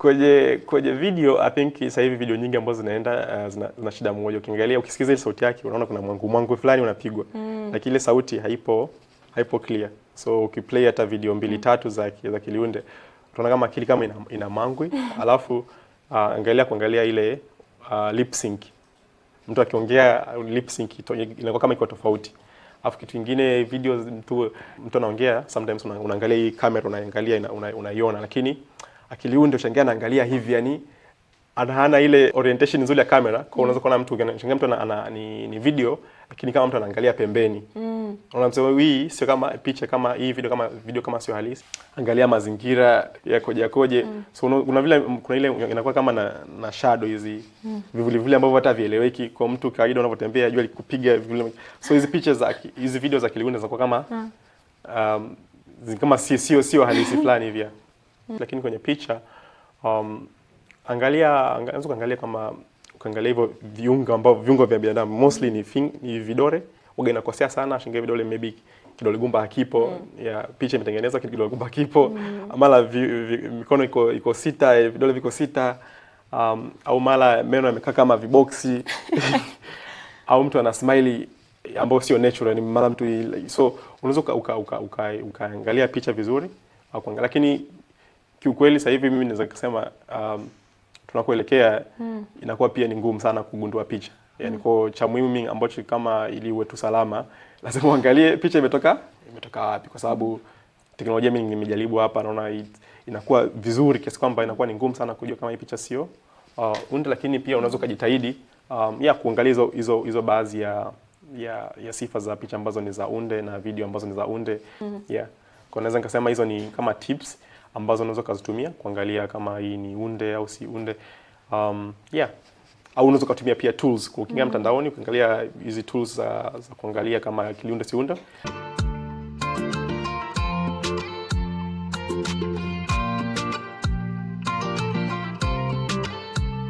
kwenye kwenye video I think sasa hivi video nyingi ambazo zinaenda uh, zina, zina shida moja. Ukiangalia ukisikiza ile sauti yake unaona kuna mwangu mwangu fulani unapigwa mm. lakini ile sauti haipo haipo clear, so ukiplay hata video mbili mm. tatu za za Kiliunde utaona kama akili kama ina, ina mangwi alafu uh, angalia kuangalia ile uh, lip sync, mtu akiongea uh, lip sync inakuwa kama iko tofauti. Alafu kitu kingine video mtu mtu anaongea sometimes unaangalia hii kamera unaangalia unaiona una, una, lakini akili huu ndio shangaa anaangalia hivi yani hana ile orientation nzuri ya kamera kwa mm. Unaweza kuona mtu shangaa mtu ana, ana ni, ni video lakini kama mtu anaangalia pembeni mm. Unasema hii sio kama picha kama hii video kama video kama sio halisi, angalia mazingira ya koje koje mm. So kuna vile kuna ile inakuwa kama na, na shadow hizi mm. vivuli vile ambavyo hata vieleweki kwa mtu kawaida unapotembea jua likupiga vivuli. So hizi picha za hizi video za kilimwengu zinakuwa kama mm. um, kama sio sio sio halisi fulani hivi mm. Lakini kwenye picha um, angalia anza kuangalia kama ukaangalia hivyo viungo ambavyo viungo vya binadamu mostly ni, fing, ni vidore uga inakosea sana shinge vidole maybe kidole gumba hakipo mm. ya picha imetengenezwa kidole gumba hakipo mm. mara vi, vi, mikono iko iko sita eh, vidole viko sita um, au mara meno yamekaa kama viboksi au mtu ana smile ambayo sio natural ni mara mtu so unaweza ukaangalia uka, uka, uka, uka picha vizuri au kuangalia lakini kiukweli sasa hivi mimi naweza kusema um, tunakoelekea mm. inakuwa pia ni ngumu sana kugundua picha yani mm. kwa cha muhimu mimi ambacho kama ili uwe tu salama lazima uangalie picha imetoka imetoka wapi, kwa sababu hmm. teknolojia mimi nimejaribu hapa, naona inakuwa vizuri kiasi kwamba inakuwa ni ngumu sana kujua kama hii picha sio uh, unde, lakini pia unaweza kujitahidi um, ya kuangalia hizo hizo hizo baadhi ya ya ya sifa za picha ambazo ni za unde na video ambazo ni za unde mm. yeah, kwa naweza nikasema hizo ni kama tips ambazo unaweza ukazitumia kuangalia kama hii ni unde au si unde. Um, yeah au unaweza ukatumia pia tools kuingia mm. mtandaoni ukiangalia hizi tools za, za kuangalia kama kiliunda unde.